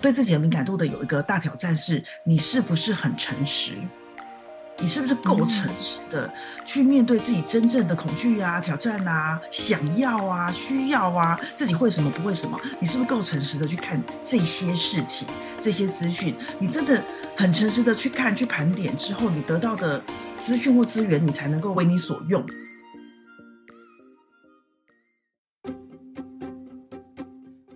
對自己的敏感度的有一個大挑戰是，你是不是很誠實？你是不是夠誠實的去面對自己真正的恐懼啊、挑戰啊、想要啊、需要啊？自己會什麼不會什麼？你是不是夠誠實的去看這些事情、這些資訊？你真的很誠實的去看、去盤點之後，你得到的資訊或資源，你才能夠為你所用。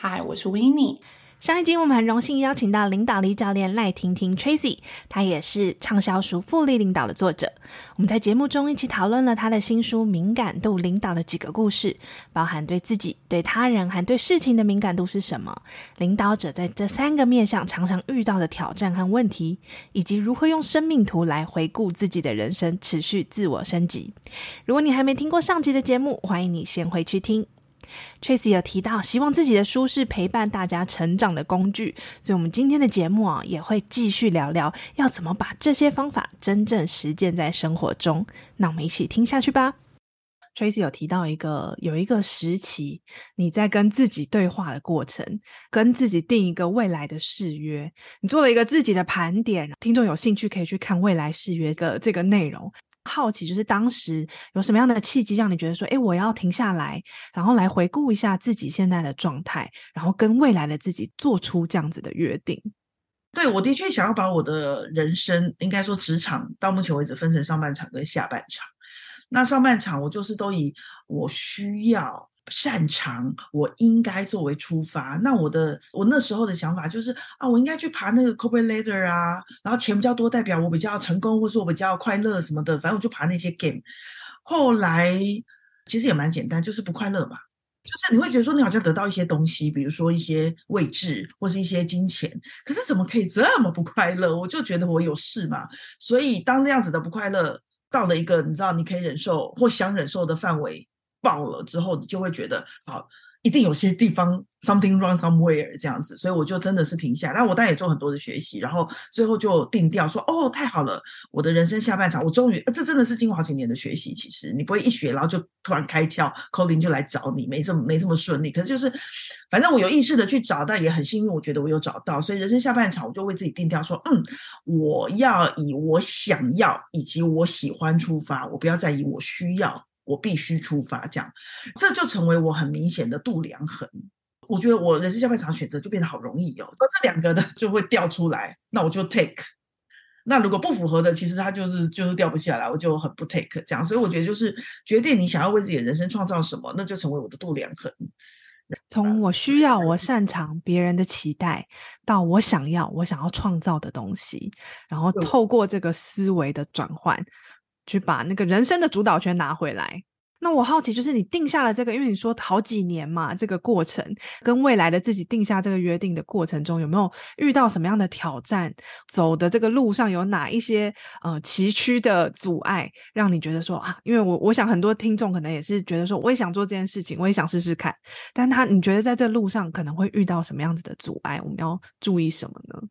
嗨，Hi, 我是維尼。上一集我們很榮幸邀請到領導力教練賴婷婷 （Tracy），她也是暢銷書複利《複利領導》的作者。我們在節目中一起討論了她的新書《敏感度領導》的幾個故事，包含對自己、對他人還對事情的敏感度是什麼，領導者在這三個面上常常遇到的挑戰和問題，以及如何用生命圖來回顧自己的人生，持續自我升級。如果你還沒聽過上集的節目，歡迎你先回去聽。Tracy 有提到，希望自己的書是陪伴大家成長的工具，所以，我們今天的節目啊，也會繼續聊聊要怎麼把這些方法真正實踐在生活中。那我們一起聽下去吧。Tracy 有提到一個，有一個時期你在跟自己對話的過程，跟自己定一個未來的誓約，你做了一個自己的盤點。聽眾有興趣可以去看《未來誓約》的這個內容。好奇，就是當時有什麼樣的契機，讓你覺得說，哎，我要停下來，然後來回顧一下自己現在的狀態，然後跟未來的自己做出這樣子的約定。對，我的確想要把我的人生，應該說職場，到目前為止分成上半場跟下半場。那上半場，我就是都以我需要。擅長，我應該作為出發。那我的我那時候的想法就是啊，我應該去爬那個 corporate ladder 啊，然後錢比較多，代表我比較成功，或是我比較快樂什麼的。反正我就爬那些 game。後來其實也蠻簡單，就是不快樂嘛。就是你會覺得說你好像得到一些東西，比如說一些位置或是一些金錢，可是怎麼可以這麼不快樂？我就覺得我有事嘛。所以當那樣子的不快樂到了一個你知道你可以忍受或想忍受的範圍。爆了之後，你就會覺得啊，一定有些地方 something wrong somewhere 這樣子，所以我就真的是停下，但我當然也做很多的學習，然後最後就定調說，哦，太好了，我的人生下半場，我終於，這真的是經過好幾年的學習。其實你不會一學，然後就突然開竅 calling 就來找你，沒這麼沒這麼順利。可是就是，反正我有意識的去找，但也很幸運，我覺得我有找到。所以人生下半場，我就為自己定調說，嗯，我要以我想要以及我喜歡出發，我不要再以我需要，我必須出發，這樣這就成為我很明顯的度量衡。我覺得我人生下半場選擇就變得好容易哦、喔，那這兩個呢，就會掉出來，那我就 take。那如果不符合的，其實它就是就是掉不下來，我就很不 take。這樣，所以我覺得就是決定你想要為自己的人生創造什麼，那就成為我的度量衡。從我需要我擅長別人的期待，到我想要我想要創造的東西，然後透過這個思維的轉換。嗯去把那個人生的主導權拿回來。那我好奇，就是你定下了這個，因為你說好幾年嘛，這個過程跟未來的自己定下這個約定的過程中，有沒有遇到什麼樣的挑戰？走的這個路上有哪一些呃崎嶇的阻礙，讓你覺得說，啊，因為我我想很多聽眾可能也是覺得說，我也想做這件事情，我也想試試看。但他你覺得在這路上可能會遇到什麼樣子的阻礙？我們要注意什麼呢？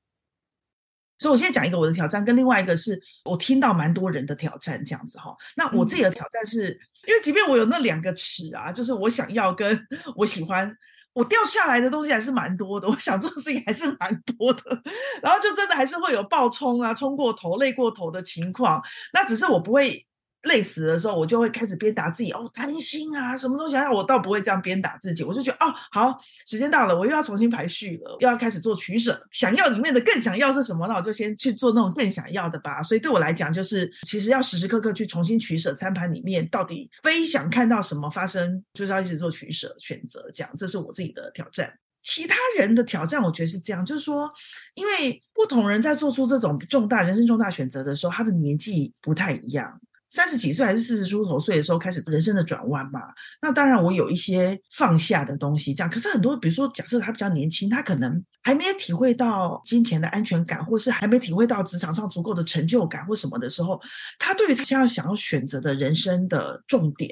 所以，我先講一個我的挑戰，跟另外一個是我聽到蠻多人的挑戰這樣子哈、哦。那我自己的挑戰是，嗯、因為即便我有那兩個尺啊，就是我想要跟我喜歡，我掉下來的東西還是蠻多的，我想做的事情還是蠻多的，然後就真的還是會有爆衝啊、衝過頭、累過頭的情況。那只是我不會。累死的時候，我就會開始鞭打自己哦，貪心啊，什麼東西啊？我倒不會這樣鞭打自己，我就覺得哦，好，時間到了，我又要重新排序了，又要開始做取舍，想要裡面的更想要是什麼？那我就先去做那種更想要的吧。所以對我來講，就是其實要時時刻刻去重新取舍，餐盤裡面到底非想看到什麼發生，就是要一直做取舍選擇。這樣，這是我自己的挑戰。其他人的挑戰，我覺得是這樣，就是說，因為不同人在做出這種重大人生重大選擇的時候，他的年紀不太一樣。三十幾歲還是四十出頭歲的時候，開始人生的轉彎吧。那當然，我有一些放下的東西。這樣，可是很多，比如說，假設他比較年輕，他可能還沒有體會到金錢的安全感，或是還沒體會到職場上足夠的成就感或什麼的時候，他對於他現在想要選擇的人生的重點，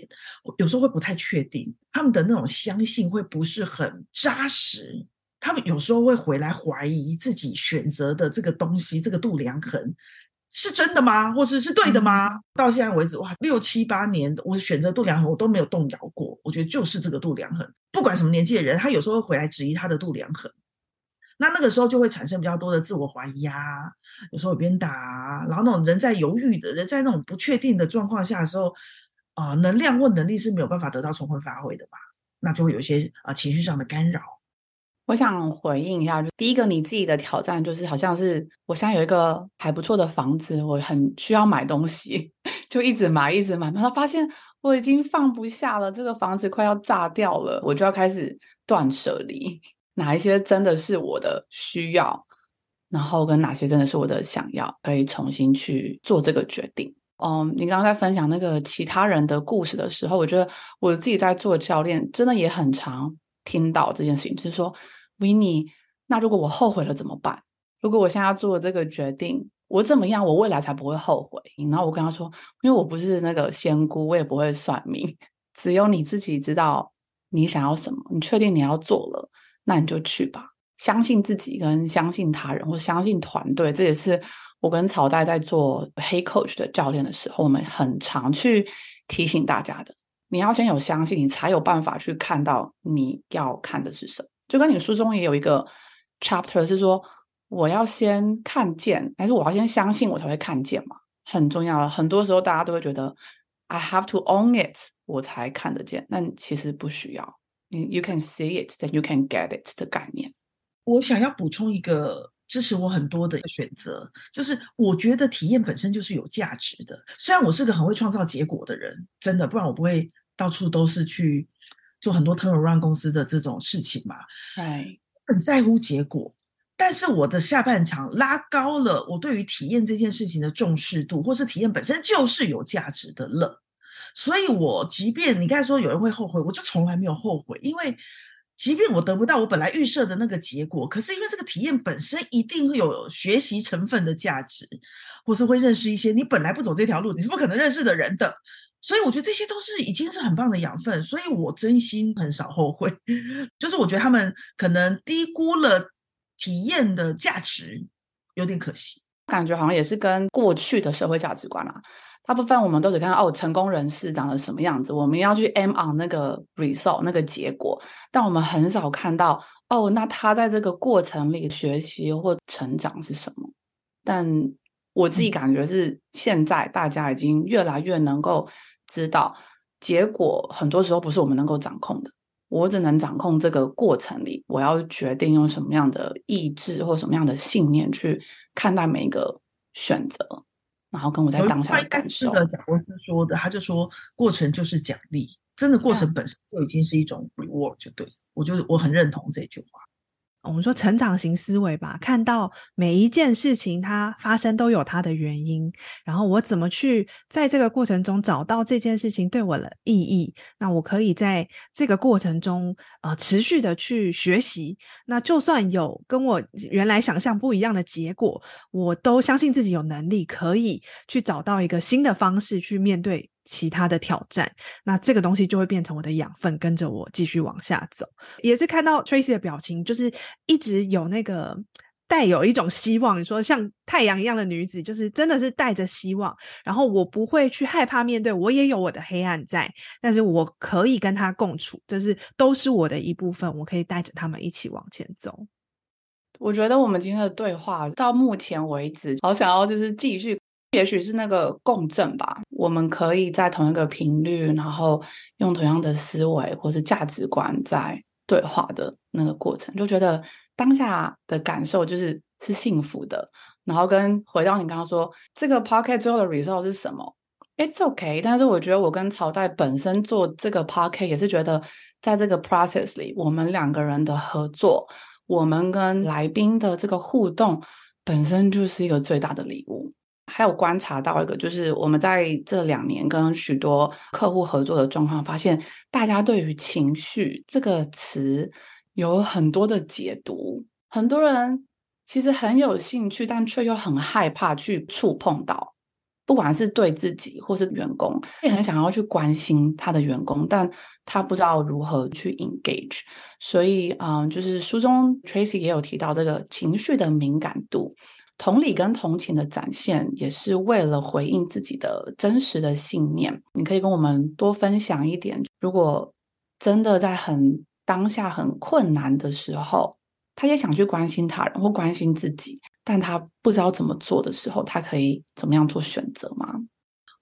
有時候會不太確定。他們的那種相信會不是很扎實，他們有時候會回來懷疑自己選擇的這個東西，這個度量衡。是真的嗎？或是是對的嗎？嗯、到現在為止，哇，六七八年，我選擇度量衡我都沒有動搖過。我覺得就是這個度量衡，不管什麼年紀的人，他有時候會回來質疑他的度量衡。那那個時候就會產生比較多的自我懷疑呀、啊，有時候有鞭打、啊，然後那種人在猶豫的人在那種不確定的狀況下的時候，啊、呃，能量或能力是沒有辦法得到充分發揮的吧？那就會有一些啊、呃、情緒上的干擾。我想回應一下，就第一個，你自己的挑戰就是，好像是我現在有一個還不錯的房子，我很需要買東西，就一直買，一直買，然後發現我已經放不下了，這個房子快要炸掉了，我就要開始斷舍離，哪一些真的是我的需要，然後跟哪些真的是我的想要，可以重新去做這個決定。嗯、um,，你剛剛在分享那個其他人的故事的時候，我覺得我自己在做教練真的也很長。聽到這件事情，就是說，維尼，那如果我後悔了怎麼辦？如果我現在做這個決定，我怎麼樣？我未來才不會後悔？然後我跟他說，因為我不是那個仙姑，我也不會算命，只有你自己知道你想要什麼。你確定你要做了，那你就去吧。相信自己，跟相信他人，或是相信團隊，這也是我跟曹代在做 Hey Coach 的教練的時候，我們很常去提醒大家的。你要先有相信，你才有辦法去看到你要看的是什麼。就跟你書中也有一個 chapter 是說，我要先看見，還是我要先相信我才會看見嘛？很重要。很多時候大家都會覺得 I have to own it，我才看得見，但其實不需要。你 you can see it then you can get it 的概念。我想要補充一個。支持我很多的選擇，就是我覺得體驗本身就是有價值的。雖然我是個很會創造結果的人，真的，不然我不會到處都是去做很多 turnaround 公司的這種事情嘛。對嘿，很在乎結果，但是我的下半場拉高了我對於體驗這件事情的重視度，或是體驗本身就是有價值的了。所以，我即便你剛才說有人會後悔，我就從來沒有後悔，因為。即便我得不到我本來預設的那個結果，可是因為這個體驗本身一定會有學習成分的價值，或是會認識一些你本來不走這條路，你是不可能認識的人的，所以我覺得這些都是已經是很棒的養分，所以我真心很少後悔。就是我覺得他們可能低估了體驗的價值，有點可惜。感覺好像也是跟過去的社會價值觀啊，大部分我們都只看到哦，成功人士長得什麼樣子，我們要去 Aim on 那個 result 那個結果，但我們很少看到哦，那他在這個過程裡學習或成長是什麼。但我自己感覺是，現在大家已經越來越能夠知道，結果很多時候不是我們能夠掌控的。我只能掌控這個過程裡，我要決定用什麼樣的意志或什麼樣的信念去看待每一個選擇，然後跟我在當下的感受。是的，賈伯斯說的，他就說，過程就是獎勵，真的過程本身就已經是一種 reward。就對我就我很認同這句話。我們說成長型思維吧，看到每一件事情它發生都有它的原因，然後我怎麼去在這個過程中找到這件事情對我的意義。那我可以在這個過程中呃持續的去學習。那就算有跟我原來想象不一樣的結果，我都相信自己有能力可以去找到一個新的方式去面對。其他的挑戰，那這個東西就會變成我的養分，跟着我繼續往下走。也是看到 Tracy 的表情，就是一直有那個帶有一種希望。你說像太陽一樣的女子，就是真的是帶着希望。然後我不會去害怕面對，我也有我的黑暗在，但是我可以跟他共處，就是都是我的一部分，我可以帶着他們一起往前走。我覺得我們今天的對話到目前為止，好想要就是繼續。也許是那個共振吧，我們可以在同一個頻率，然後用同樣的思維或是價值觀在對話的那個過程，就覺得當下的感受就是是幸福的。然後跟回到你剛剛說這個 podcast 最後的 result 是什麼？It's okay。但是我覺得我跟曹代本身做這個 podcast 也是覺得，在這個 process 裡，我們兩個人的合作，我們跟來賓的這個互動，本身就是一個最大的禮物。還有觀察到一個，就是我們在這兩年跟許多客戶合作的狀況，發現大家對於情緒這個詞有很多的解讀。很多人其實很有興趣，但卻又很害怕去觸碰到，不管是對自己或是員工，也很想要去關心他的員工，但他不知道如何去 engage。所以，嗯，就是書中 Tracy 也有提到這個情緒的敏感度。同理跟同情的展現，也是為了回應自己的真實的信念。你可以跟我們多分享一點，如果真的在很當下很困難的時候，他也想去關心他人或關心自己，但他不知道怎麼做的時候，他可以怎麼樣做選擇嗎？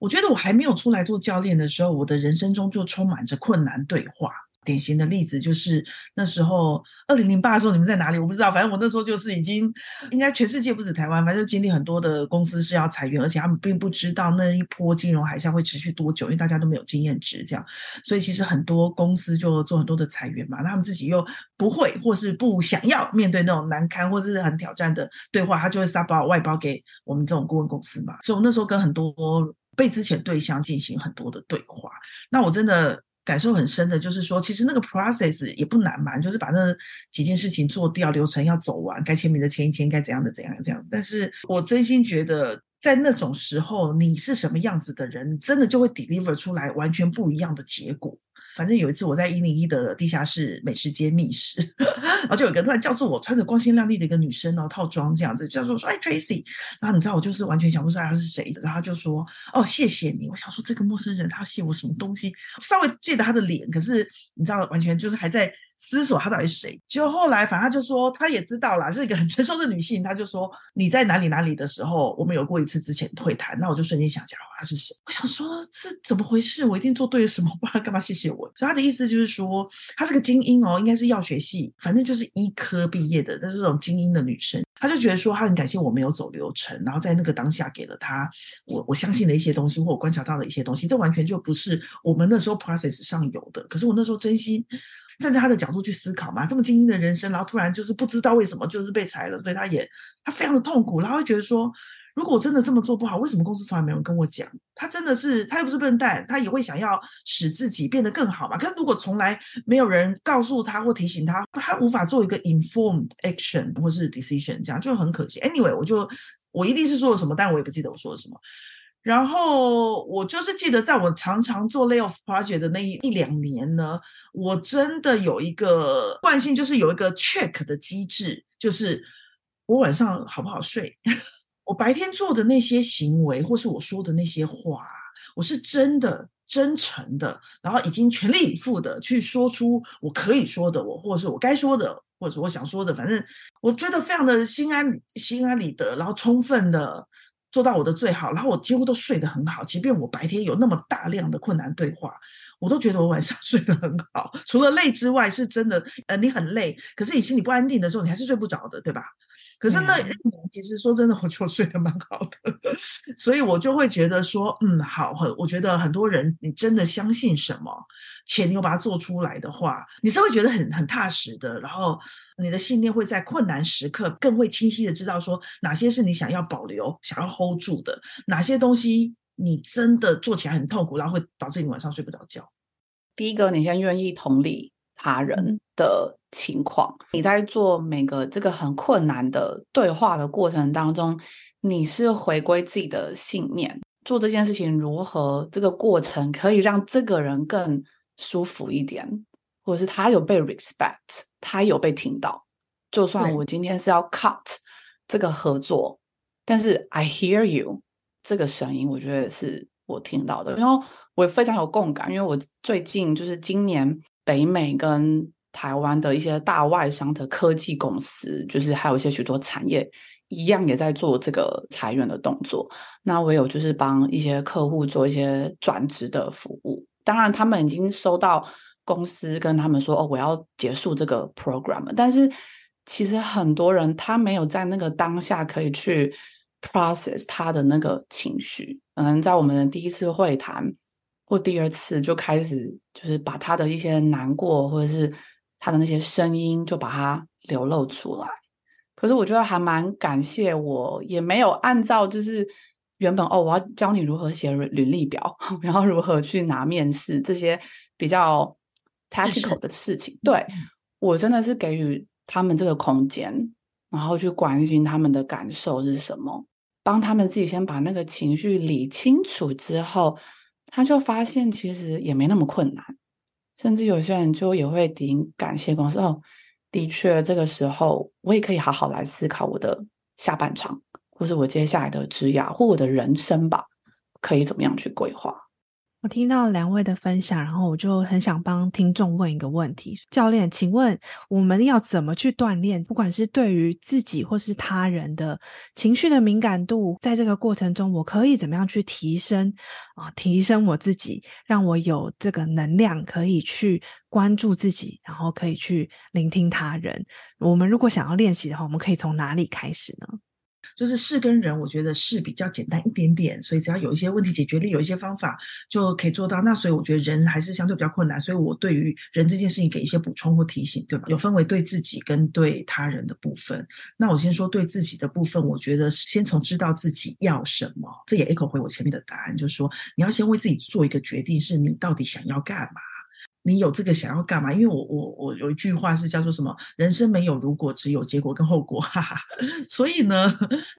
我覺得我還沒有出來做教練的時候，我的人生中就充滿着困難對話。典型的例子就是那時候，二零零八的時候，你們在哪裡？我不知道，反正我那時候就是已經，應該全世界不止台灣，反正就經歷很多的公司是要裁員，而且他們並不知道那一波金融海嘯會持續多久，因為大家都沒有經驗值，這樣，所以其實很多公司就做很多的裁員嘛，那他們自己又不會或是不想要面對那種難堪或者是很挑戰的對話，他就會撒包外包給我們這種顧問公司嘛，所以我那時候跟很多被資遣對象進行很多的對話，那我真的。感受很深的就是說，其實那個 process 也不難嘛，就是把那幾件事情做掉，流程要走完，該簽名的簽一簽，該怎樣的怎樣這樣子。但是我真心覺得，在那種時候，你是什麼樣子的人，你真的就會 deliver 出來完全不一樣的結果。反正有一次我在一零一的地下室美食街覓食，哈哈，然後就有個突然叫住我，穿着光鮮亮麗的一個女生哦套裝這樣子，叫住我說：“哎，Tracy。”然後你知道我就是完全想不出來她是誰，然後他就說：“哦，謝謝你。”我想說這個陌生人他謝我什麼東西？稍微記得她的臉，可是你知道完全就是還在。思索他到底是誰，結果，後來反正他就說，他也知道啦，是一個很成熟的女性。他就說：“你在哪裡哪裡的時候，我們有過一次之前退談。”那我就瞬間想起來了，他是誰？我想說這怎麼回事？我一定做對了什麼？不然幹嘛謝謝我？所以他的意思就是說，他是個精英哦，應該是藥學系，反正就是醫科畢業的，但是這種精英的女生，他就覺得說他很感謝我沒有走流程，然後在那個當下給了他我我相信的一些東西，或者我觀察到的一些東西，這完全就不是我們那時候 process 上有的。可是我那時候真心。站在他的角度去思考嘛，這麼精英的人生，然後突然就是不知道為什麼就是被裁了，所以他也他非常的痛苦，然後會覺得說，如果我真的這麼做不好，為什麼公司從來沒有人跟我講？他真的是他又不是笨蛋，他也會想要使自己變得更好嘛。可是如果從來沒有人告訴他或提醒他，他無法做一個 informed action 或是 decision，這樣就很可惜。Anyway，我就我一定是說了什麼，但我也不記得我說了什麼。然後我就是記得，在我常常做 layoff project 的那一一兩年呢，我真的有一個慣性，就是有一個 check 的機制，就是我晚上好不好睡，我白天做的那些行為，或是我說的那些話，我是真的真誠的，然後已經全力以赴的去說出我可以說的，我或者是我該說的，或者我想說的，反正我覺得非常的心安心安理得，然後充分的。做到我的最好，然後我幾乎都睡得很好，即便我白天有那麼大量的困難對話。我都覺得我晚上睡得很好，除了累之外，是真的。呃，你很累，可是你心裡不安定的時候，你還是睡不着的，對吧？可是那一年，嗯、其實說真的，我就睡得蠻好的，所以我就會覺得說，嗯，好，很。我覺得很多人，你真的相信什麼，且你又把它做出來的話，你是會覺得很很踏實的。然後你的信念會在困難時刻更會清晰的知道說，哪些是你想要保留、想要 hold 住的，哪些東西。你真的做起來很痛苦，然後會導致你晚上睡不着覺。第一個，你先願意同理他人的情況，嗯、你在做每個這個很困難的對話的過程當中，你是回歸自己的信念，做這件事情如何？這個過程可以讓這個人更舒服一點，或者是他有被 respect，他有被聽到。對就算我今天是要 cut 這個合作，但是 I hear you。這個聲音，我覺得是我聽到的，然後我也非常有共感，因為我最近就是今年北美跟台灣的一些大外商的科技公司，就是還有一些許多產業一樣也在做這個裁員的動作。那我有就是幫一些客戶做一些轉職的服務，當然他們已經收到公司跟他們說哦，我要結束這個 program，但是其實很多人他沒有在那個當下可以去。process 他的那個情緒，可能在我們的第一次會談或第二次就開始，就是把他的一些難過或者是他的那些聲音，就把它流露出來。可是我覺得還蠻感謝我，我也沒有按照就是原本哦，我要教你如何寫履歷表，然後如何去拿面試這些比較 tactical 的事情。是對，我真的是給予他們這個空間，然後去關心他們的感受是什麼。幫他們自己先把那個情緒理清楚之後，他就發現其實也沒那麼困難，甚至有些人就也會挺感謝公司。哦，的確，這個時候我也可以好好來思考我的下半場，或是我接下來的職涯或我的人生吧，可以怎麼樣去規劃。我聽到兩位的分享，然後我就很想幫聽眾問一個問題：教練，請問我們要怎麼去鍛鍊？不管是對於自己或是他人的情緒的敏感度，在這個過程中，我可以怎麼樣去提升啊？提升我自己，讓我有這個能量可以去關注自己，然後可以去聆聽他人。我們如果想要練習的話，我們可以從哪裡開始呢？就是事跟人，我覺得事比較簡單一點點，所以只要有一些問題解決力，有一些方法就可以做到。那所以我覺得人還是相對比較困難，所以我對於人這件事情給一些補充或提醒，對吧？有分為對自己跟對他人的部分。那我先說對自己的部分，我覺得先從知道自己要什麼，這也 echo 回我前面的答案，就是說你要先為自己做一個決定，是你到底想要幹嘛。你有這個想要幹嘛？因為我我我有一句話是叫做什麼，人生沒有如果，只有結果跟後果，哈哈。所以呢，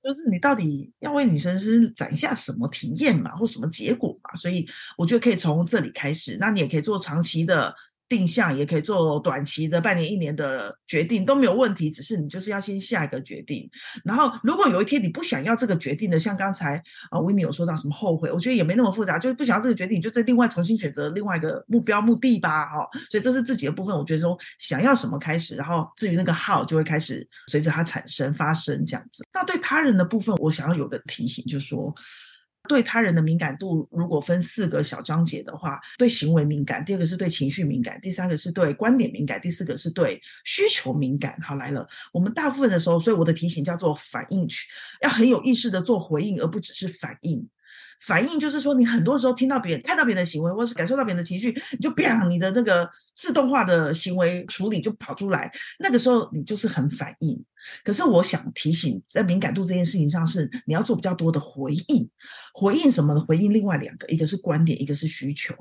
就是你到底要為你人生攢下什麼體驗嘛，或什麼結果嘛？所以我覺得可以從這裡開始。那你也可以做長期的。定向也可以做短期的半年一年的決定都沒有問題，只是你就是要先下一個決定。然後如果有一天你不想要這個決定的，像剛才啊 Winnie 有說到什麼後悔，我覺得也沒那麼複雜，就不想要這個決定，你就再另外重新選擇另外一個目標目的吧。哈、哦，所以這是自己的部分，我覺得說想要什麼開始，然後至於那個 how 就會開始隨着它產生發生這樣子。那對他人的部分，我想要有個提醒，就是說。對他人的敏感度，如果分四個小章節的話，對行為敏感，第二個是對情緒敏感，第三個是對觀點敏感，第四個是對需求敏感。好，來了，我們大部分的時候，所以我的提醒叫做反應去，要很有意識地做回應，而不只是反應。反應就是說，你很多時候聽到別人、看到別人的行為，或是感受到別人的情緒，你就啪，你的那個自動化的行為處理就跑出來。那個時候你就是很反應。可是我想提醒，在敏感度這件事情上是，是你要做比較多的回應。回應什麼呢？回應另外兩個，一個是觀點，一個是需求。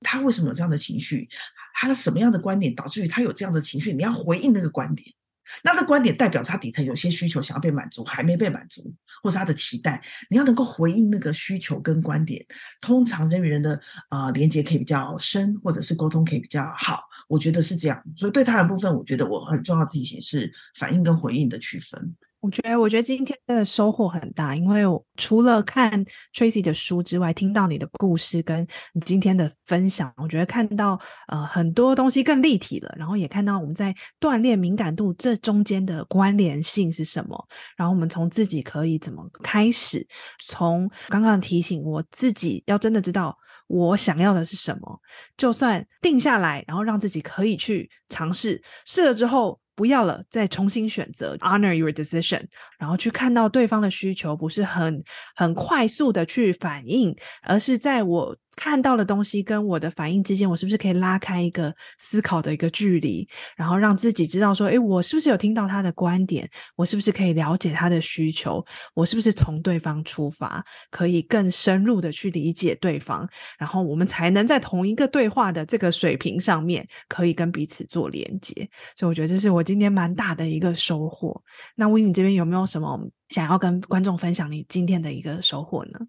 他為什麼有這樣的情緒？他什麼樣的觀點導致於他有這樣的情緒？你要回應那個觀點。那他的觀點代表他底層有些需求想要被滿足，還沒被滿足，或是他的期待。你要能夠回應那個需求跟觀點，通常人與人的呃連接可以比較深，或者是溝通可以比較好。我覺得是這樣，所以對他的部分，我覺得我很重要的提醒是反應跟回應的區分。我覺得，我覺得今天的收穫很大，因為除了看 Tracy 的書之外，聽到你的故事，跟你今天的分享，我覺得看到呃很多東西更立體了，然後也看到我們在鍛鍊敏感度這中間的關聯性是什麼，然後我們從自己可以怎麼開始，從剛剛提醒我自己要真的知道我想要的是什麼，就算定下來，然後讓自己可以去嘗試，試了之後。不要了，再重新選擇，Honor your decision，然後去看到對方的需求，不是很很快速的去反應，而是在我。看到的東西跟我的反應之間，我是不是可以拉開一個思考的一個距離，然後讓自己知道說，誒，我是不是有聽到他的觀點？我是不是可以了解他的需求？我是不是從對方出發，可以更深入的去理解對方？然後我們才能在同一個對話的這個水平上面，可以跟彼此做連接。所以我覺得這是我今天蠻大的一個收穫。那 Winnie 這邊有沒有什麼想要跟觀眾分享你今天的一個收穫呢？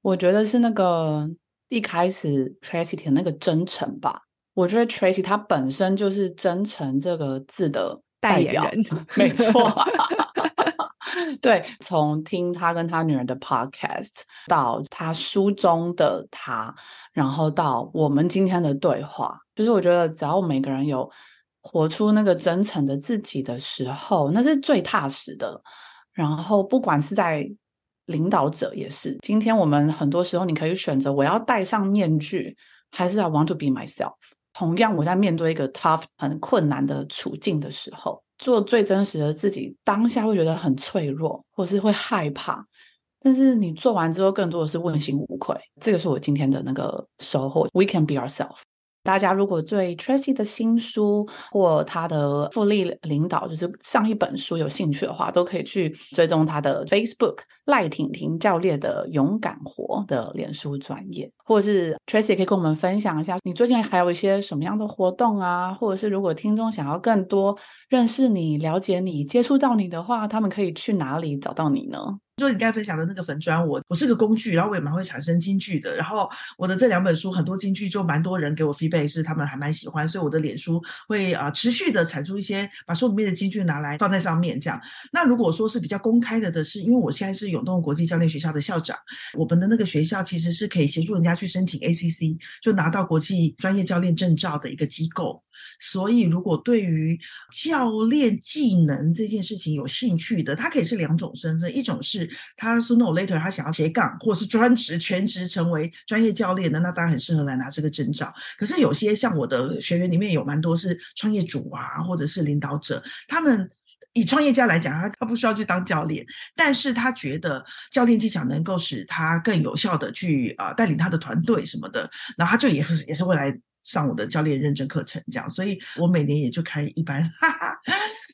我覺得是那個。一開始，Tracy 的那個真誠吧，我覺得 Tracy 他本身就是真誠這個字的代表，代言人。沒錯啊。 對，從聽他跟他女兒的 Podcast 到他書中的他，然後到我們今天的對話，就是我覺得只要每個人有活出那個真誠的自己的時候，那是最踏實的。然後，不管是在。領導者也是。今天我們很多時候，你可以選擇我要戴上面具，還是 I want to be myself。同樣，我在面對一個 tough 很困難的處境的時候，做最真實的自己，當下會覺得很脆弱，或是會害怕。但是你做完之後，更多的是問心無愧。這個是我今天的那個收穫。We can be ourselves。大家如果對 Tracy 的新書或他的複利領導，就是上一本書有興趣的話，都可以去追蹤他的 Facebook“ 賴婷婷教練的勇感活”的臉書專頁。或者是 Tracy 可以跟我們分享一下，你最近還有一些什麼樣的活動啊？或者是如果聽眾想要更多認識你、了解你、接觸到你的話，他們可以去哪裡找到你呢？就你剛才分享的那個粉專，我我是個工具，然後我也蠻會產生金句的。然後我的這兩本書很多金句就蠻多人給我 feedback，是他們還蠻喜歡，所以我的臉書會啊、呃、持續的產出一些，把書裡面的金句拿來放在上面這樣。那如果說是比較公開的，的是因為我現在是永動國際教練學校的校長，我們的那個學校其實是可以協助人家去申請 ACC，就拿到國際專業教練證照的一個機構。所以，如果對於教練技能這件事情有興趣的，他可以是兩種身份：一種是他 sooner or later，他想要斜槓，或是專職全職成為專業教練的，那大家很適合來拿這個證照。可是有些像我的學員裡面有蠻多是創業主啊，或者是領導者，他們以創業家來講，他他不需要去當教練，但是他覺得教練技巧能夠使他更有效的去啊、呃、帶領他的團隊什麼的，那他就也是也是會來。上我的教練認證課程，這樣，所以我每年也就開一班。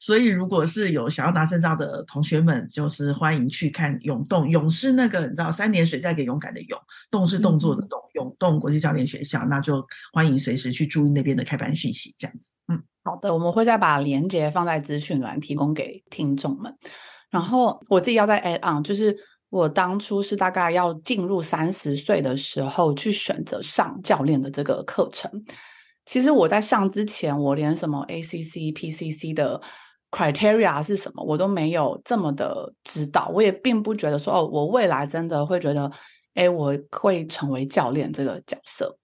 所以，如果是有想要拿證照的同學們，就是歡迎去看勇“湧動，湧”是那個，你知道，三點水再給勇敢的“勇”，動是動作的“動”嗯。湧動國際教練學校，那就歡迎隨時去注意那邊的開班訊息，這樣子。嗯，好的，我們會再把連結放在資訊欄，提供給聽眾們。然後我自己要再 add on，就是。我當初是大概要進入三十歲的時候去選擇上教練的這個課程。其實我在上之前，我連什麼 ACC、PCC 的 criteria 是什麼，我都沒有這麼的知道。我也並不覺得說，哦，我未來真的會覺得，哎，我會成為教練這個角色。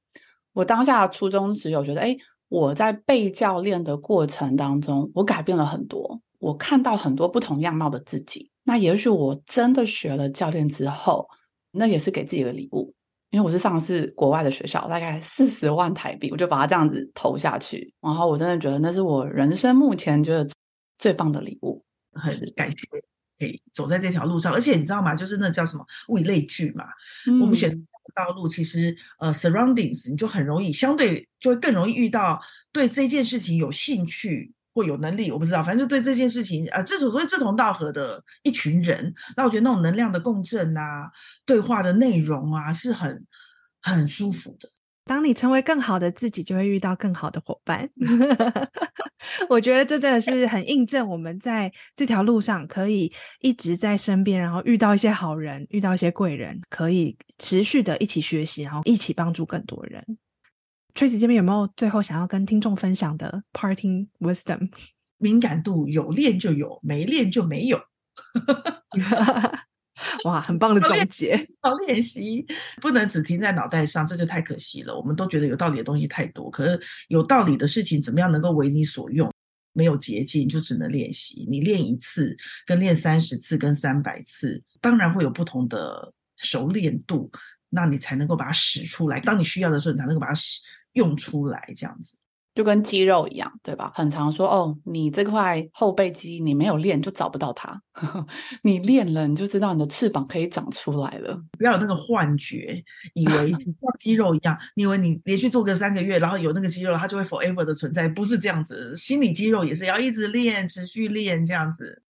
我當下的初衷只有覺得，哎，我在被教練的過程當中，我改變了很多，我看到很多不同樣貌的自己。那也許我真的學了教練之後，那也是給自己的禮物，因為我是上次國外的學校，大概四十萬台幣，我就把它這樣子投下去，然後我真的覺得那是我人生目前覺得最棒的禮物，很感謝可以走在這條路上，而且你知道嗎？就是那叫什麼物以類聚嘛，嗯、我們選擇道路其實呃 surroundings，你就很容易相對就會更容易遇到對這件事情有興趣。或有能力，我不知道，反正就對這件事情啊，這、呃、所謂志同道合的一群人，那我覺得那種能量的共振啊，對話的內容啊，是很很舒服的。當你成為更好的自己，就會遇到更好的夥伴。 我覺得這真的是很印證我們在這條路上可以一直在身邊，然後遇到一些好人，遇到一些貴人，可以持續的一起學習，然後一起幫助更多人。Tracy，這邊有沒有最後想要跟聽眾分享的 parting wisdom？敏感度有練就有，沒練就沒有。 哇，很棒的總結，要練、練習，不能只停在腦袋上，這就太可惜了。我們都覺得有道理的東西太多，可是有道理的事情怎麼樣能夠為你所用？沒有捷徑，就只能練習。你練一次，跟練三十次，跟三百次，當然會有不同的熟練度，那你才能夠把它使出來。當你需要的時候，你才能夠把它使。用出來這樣子，就跟肌肉一樣，對吧？很常說哦，你這塊後背肌你沒有練就找不到它， 你練了你就知道你的翅膀可以長出來了。不要有那個幻覺，以為你像肌肉一樣， 你以為你連續做個三個月，然後有那個肌肉，它就會 forever 的存在，不是這樣子。心理肌肉也是要一直練，持續練這樣子。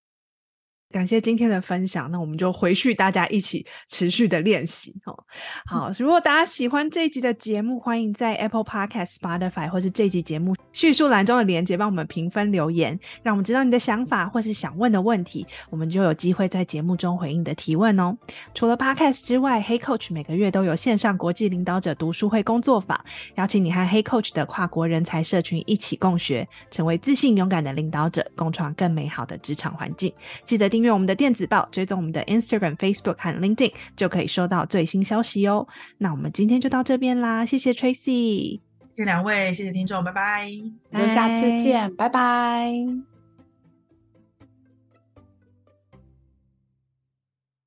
感謝今天的分享，那我們就回去大家一起持續的練習哦。好， 如果大家喜歡這一集的節目，歡迎在 Apple Podcast、Spotify 或是這一集節目。敘述欄中的連結幫我們評分留言，讓我們知道你的想法或是想問的問題，我們就有機會在節目中回應你的提問哦。除了 Podcast 之外，Hey Coach 每個月都有線上國際領導者讀書會工作坊，邀請你和 Hey Coach 的跨國人才社群一起共學，成為自信勇敢的領導者，共創更美好的職場環境。記得訂閱我們的電子報，追蹤我們的 Instagram、Facebook 和 LinkedIn，就可以收到最新消息哦。那我們今天就到這邊啦，謝謝 Tracy。謝謝兩位，謝謝聽眾，拜拜，我們 Bye。下次見，拜拜。